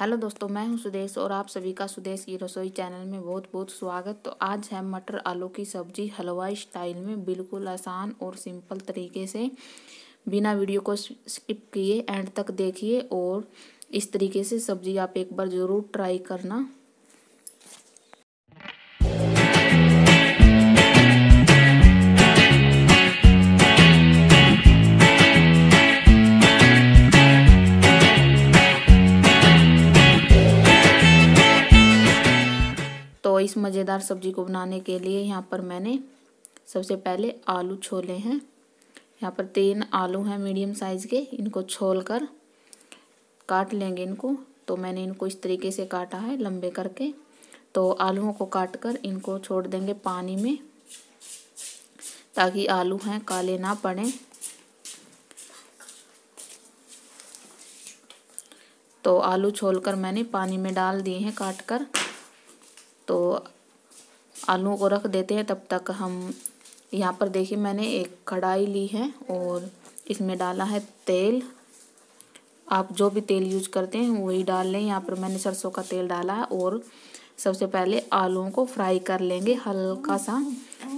hello दोस्तों मैं हूं सुदेश और आप सभी का सुदेश की रसोई चैनल में बहुत बहुत स्वागत तो आज है मटर आलू की सब्जी हलवाई स्टाइल में बिल्कुल आसान और सिंपल तरीके से बिना वीडियो को स्किप किए एंड तक देखिए और इस तरीके से सब्जी आप एक बार ज़रूर ट्राई करना इस मज़ेदार सब्ज़ी को बनाने के लिए यहाँ पर मैंने सबसे पहले आलू छोले हैं यहाँ पर तीन आलू हैं मीडियम साइज़ के इनको छोल कर काट लेंगे इनको तो मैंने इनको इस तरीके से काटा है लंबे करके तो आलूओं को काट कर इनको छोड़ देंगे पानी में ताकि आलू हैं काले ना पड़े तो आलू छोलकर मैंने पानी में डाल दिए हैं काट कर तो आलू को रख देते हैं तब तक हम यहाँ पर देखिए मैंने एक कढ़ाई ली है और इसमें डाला है तेल आप जो भी तेल यूज करते हैं वही डाल लें यहाँ पर मैंने सरसों का तेल डाला है और सबसे पहले आलूओं को फ्राई कर लेंगे हल्का सा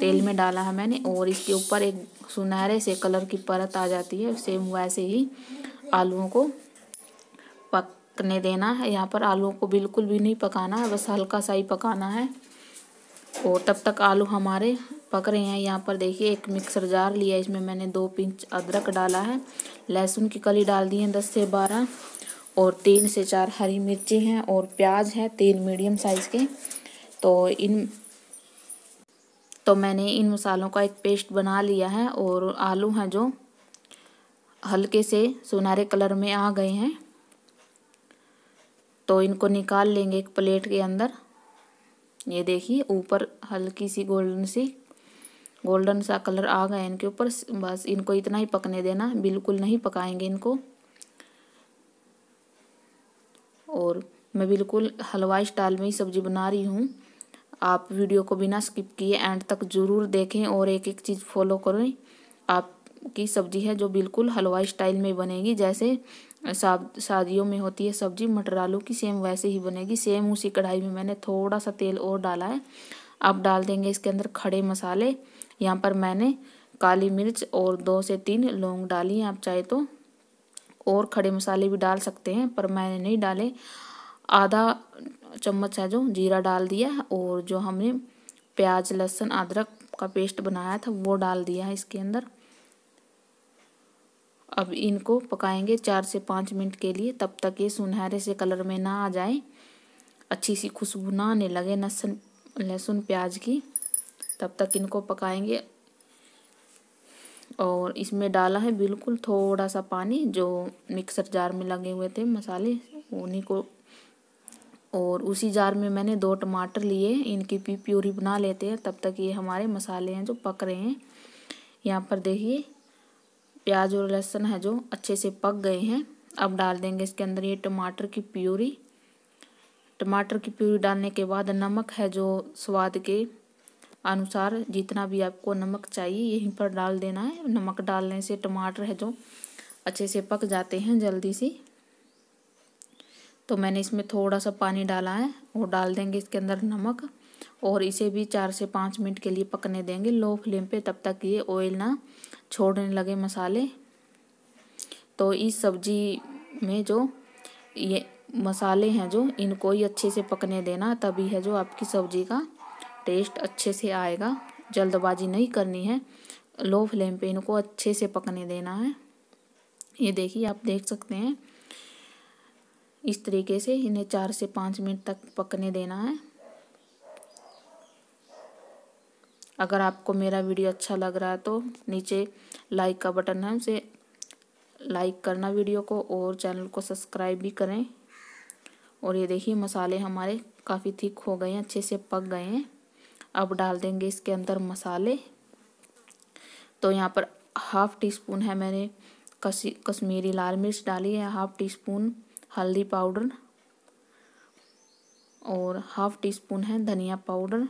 तेल में डाला है मैंने और इसके ऊपर एक सुनहरे से कलर की परत आ जाती है सेम वैसे ही आलूओं को पक पकने देना है यहाँ पर आलूओं को बिल्कुल भी नहीं पकाना है बस हल्का सा ही पकाना है और तब तक आलू हमारे पक रहे हैं यहाँ पर देखिए एक मिक्सर जार लिया इसमें मैंने दो पिंच अदरक डाला है लहसुन की कली डाल दी है दस से बारह और तीन से चार हरी मिर्ची हैं और प्याज है तीन मीडियम साइज़ के तो इन तो मैंने इन मसालों का एक पेस्ट बना लिया है और आलू हैं जो हल्के से सुनहरे कलर में आ गए हैं तो इनको निकाल लेंगे एक प्लेट के अंदर ये देखिए ऊपर हल्की सी गोल्डन सी गोल्डन सा कलर आ गया इनके ऊपर बस इनको इतना ही पकने देना बिल्कुल नहीं पकाएंगे इनको और मैं बिल्कुल हलवाई स्टाइल में ही सब्जी बना रही हूँ आप वीडियो को बिना स्किप किए एंड तक ज़रूर देखें और एक एक चीज़ फॉलो करें आपकी सब्जी है जो बिल्कुल हलवाई स्टाइल में बनेगी जैसे शादियों में होती है सब्जी मटर आलू की सेम वैसे ही बनेगी सेम उसी कढ़ाई में मैंने थोड़ा सा तेल और डाला है अब डाल देंगे इसके अंदर खड़े मसाले यहाँ पर मैंने काली मिर्च और दो से तीन लौंग डाली हैं आप चाहे तो और खड़े मसाले भी डाल सकते हैं पर मैंने नहीं डाले आधा चम्मच है जो जीरा डाल दिया है और जो हमने प्याज लहसुन अदरक का पेस्ट बनाया था वो डाल दिया है इसके अंदर अब इनको पकाएंगे चार से पाँच मिनट के लिए तब तक ये सुनहरे से कलर में ना आ जाए अच्छी सी खुशबू ना आने लगे लहसुन लहसुन प्याज की तब तक इनको पकाएंगे और इसमें डाला है बिल्कुल थोड़ा सा पानी जो मिक्सर जार में लगे हुए थे मसाले उन्हीं को और उसी जार में मैंने दो टमाटर लिए इनकी भी प्यूरी बना लेते हैं तब तक ये हमारे मसाले हैं जो पक रहे हैं यहाँ पर देखिए प्याज और लहसुन है जो अच्छे से पक गए हैं अब डाल देंगे इसके अंदर ये टमाटर की प्यूरी टमाटर की प्यूरी डालने के बाद नमक है जो स्वाद के अनुसार जितना भी आपको नमक चाहिए यहीं पर डाल देना है नमक डालने से टमाटर है जो अच्छे से पक जाते हैं जल्दी से तो मैंने इसमें थोड़ा सा पानी डाला है और डाल देंगे इसके अंदर नमक और इसे भी चार से पाँच मिनट के लिए पकने देंगे लो फ्लेम पे तब तक ये ऑयल ना छोड़ने लगे मसाले तो इस सब्जी में जो ये मसाले हैं जो इनको ही अच्छे से पकने देना तभी है जो आपकी सब्जी का टेस्ट अच्छे से आएगा जल्दबाजी नहीं करनी है लो फ्लेम पे इनको अच्छे से पकने देना है ये देखिए आप देख सकते हैं इस तरीके से इन्हें चार से पाँच मिनट तक पकने देना है अगर आपको मेरा वीडियो अच्छा लग रहा है तो नीचे लाइक का बटन है उसे लाइक करना वीडियो को और चैनल को सब्सक्राइब भी करें और ये देखिए मसाले हमारे काफ़ी थिक हो गए हैं अच्छे से पक गए हैं अब डाल देंगे इसके अंदर मसाले तो यहाँ पर हाफ़ टी स्पून है मैंने कसी कश्मीरी लाल मिर्च डाली है हाफ़ टी स्पून हल्दी पाउडर और हाफ़ टी स्पून है धनिया पाउडर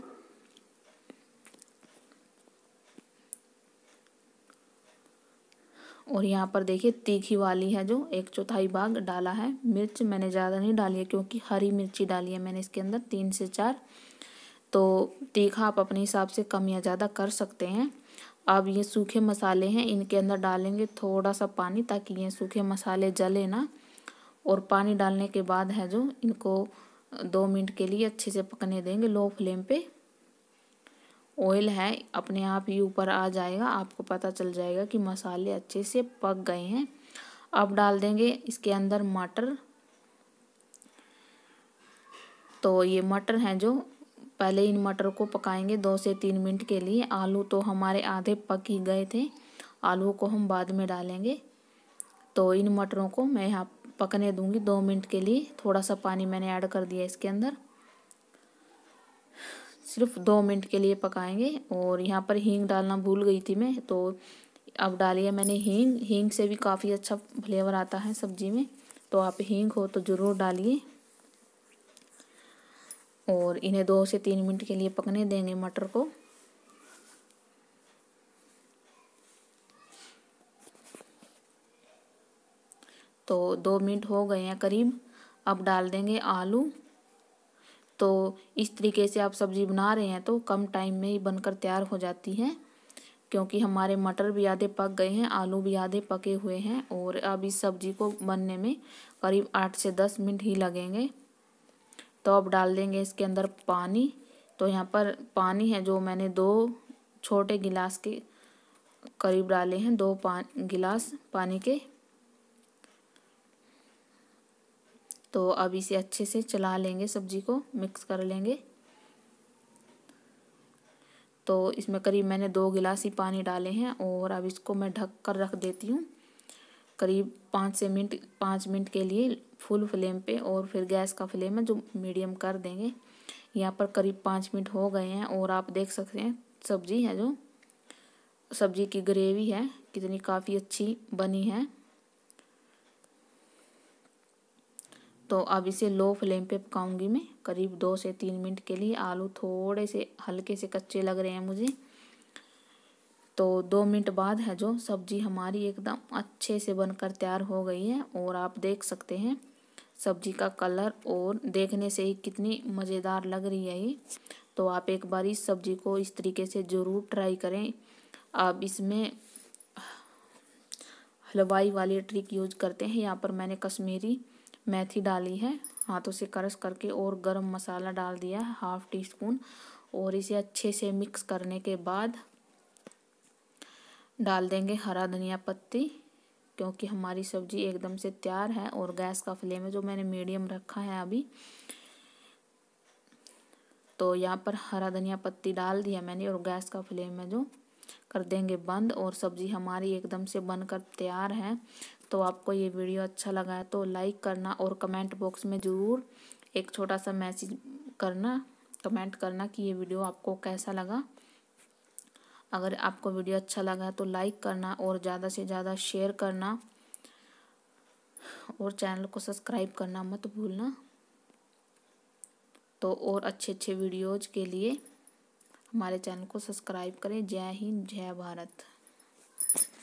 और यहाँ पर देखिए तीखी वाली है जो एक चौथाई भाग डाला है मिर्च मैंने ज़्यादा नहीं डाली है क्योंकि हरी मिर्ची डाली है मैंने इसके अंदर तीन से चार तो तीखा आप अपने हिसाब से कम या ज़्यादा कर सकते हैं अब ये सूखे मसाले हैं इनके अंदर डालेंगे थोड़ा सा पानी ताकि ये सूखे मसाले जले ना और पानी डालने के बाद है जो इनको दो मिनट के लिए अच्छे से पकने देंगे लो फ्लेम पे ऑयल है अपने आप ही ऊपर आ जाएगा आपको पता चल जाएगा कि मसाले अच्छे से पक गए हैं अब डाल देंगे इसके अंदर मटर तो ये मटर हैं जो पहले इन मटर को पकाएंगे दो से तीन मिनट के लिए आलू तो हमारे आधे पक ही गए थे आलू को हम बाद में डालेंगे तो इन मटरों को मैं यहाँ पकने दूंगी दो मिनट के लिए थोड़ा सा पानी मैंने ऐड कर दिया इसके अंदर सिर्फ दो मिनट के लिए पकाएंगे और यहाँ पर हींग डालना भूल गई थी मैं तो अब डाली है मैंने हींग हींग से भी काफ़ी अच्छा फ्लेवर आता है सब्जी में तो आप हींग हो तो ज़रूर डालिए और इन्हें दो से तीन मिनट के लिए पकने देंगे मटर को तो दो मिनट हो गए हैं करीब अब डाल देंगे आलू तो इस तरीके से आप सब्ज़ी बना रहे हैं तो कम टाइम में ही बनकर तैयार हो जाती है क्योंकि हमारे मटर भी आधे पक गए हैं आलू भी आधे पके हुए हैं और अब इस सब्ज़ी को बनने में करीब आठ से दस मिनट ही लगेंगे तो अब डाल देंगे इसके अंदर पानी तो यहाँ पर पानी है जो मैंने दो छोटे गिलास के करीब डाले हैं दो पान गिलास पानी के तो अब इसे अच्छे से चला लेंगे सब्जी को मिक्स कर लेंगे तो इसमें करीब मैंने दो गिलास ही पानी डाले हैं और अब इसको मैं ढक कर रख देती हूँ करीब पाँच से मिनट पाँच मिनट के लिए फुल फ्लेम पे और फिर गैस का फ्लेम है जो मीडियम कर देंगे यहाँ पर करीब पाँच मिनट हो गए हैं और आप देख सकते हैं सब्जी है जो सब्जी की ग्रेवी है कितनी काफ़ी अच्छी बनी है तो अब इसे लो फ्लेम पे पकाऊंगी मैं करीब दो से तीन मिनट के लिए आलू थोड़े से हल्के से कच्चे लग रहे हैं मुझे तो दो मिनट बाद है जो सब्जी हमारी एकदम अच्छे से बनकर तैयार हो गई है और आप देख सकते हैं सब्जी का कलर और देखने से ही कितनी मज़ेदार लग रही है ये तो आप एक बार इस सब्जी को इस तरीके से ज़रूर ट्राई करें आप इसमें हलवाई वाली ट्रिक यूज करते हैं यहाँ पर मैंने कश्मीरी मेथी डाली है हाथों से क्रश करके और गरम मसाला डाल दिया है हाफ टी स्पून और इसे अच्छे से मिक्स करने के बाद डाल देंगे हरा धनिया पत्ती क्योंकि हमारी सब्जी एकदम से तैयार है और गैस का फ्लेम है जो मैंने मीडियम रखा है अभी तो यहाँ पर हरा धनिया पत्ती डाल दिया मैंने और गैस का फ्लेम है जो कर देंगे बंद और सब्जी हमारी एकदम से बनकर तैयार है तो आपको ये वीडियो अच्छा लगा है तो लाइक करना और कमेंट बॉक्स में ज़रूर एक छोटा सा मैसेज करना कमेंट करना कि ये वीडियो आपको कैसा लगा अगर आपको वीडियो अच्छा लगा है तो लाइक करना और ज़्यादा से ज़्यादा शेयर करना और चैनल को सब्सक्राइब करना मत भूलना तो और अच्छे अच्छे वीडियोज़ के लिए हमारे चैनल को सब्सक्राइब करें जय हिंद जय भारत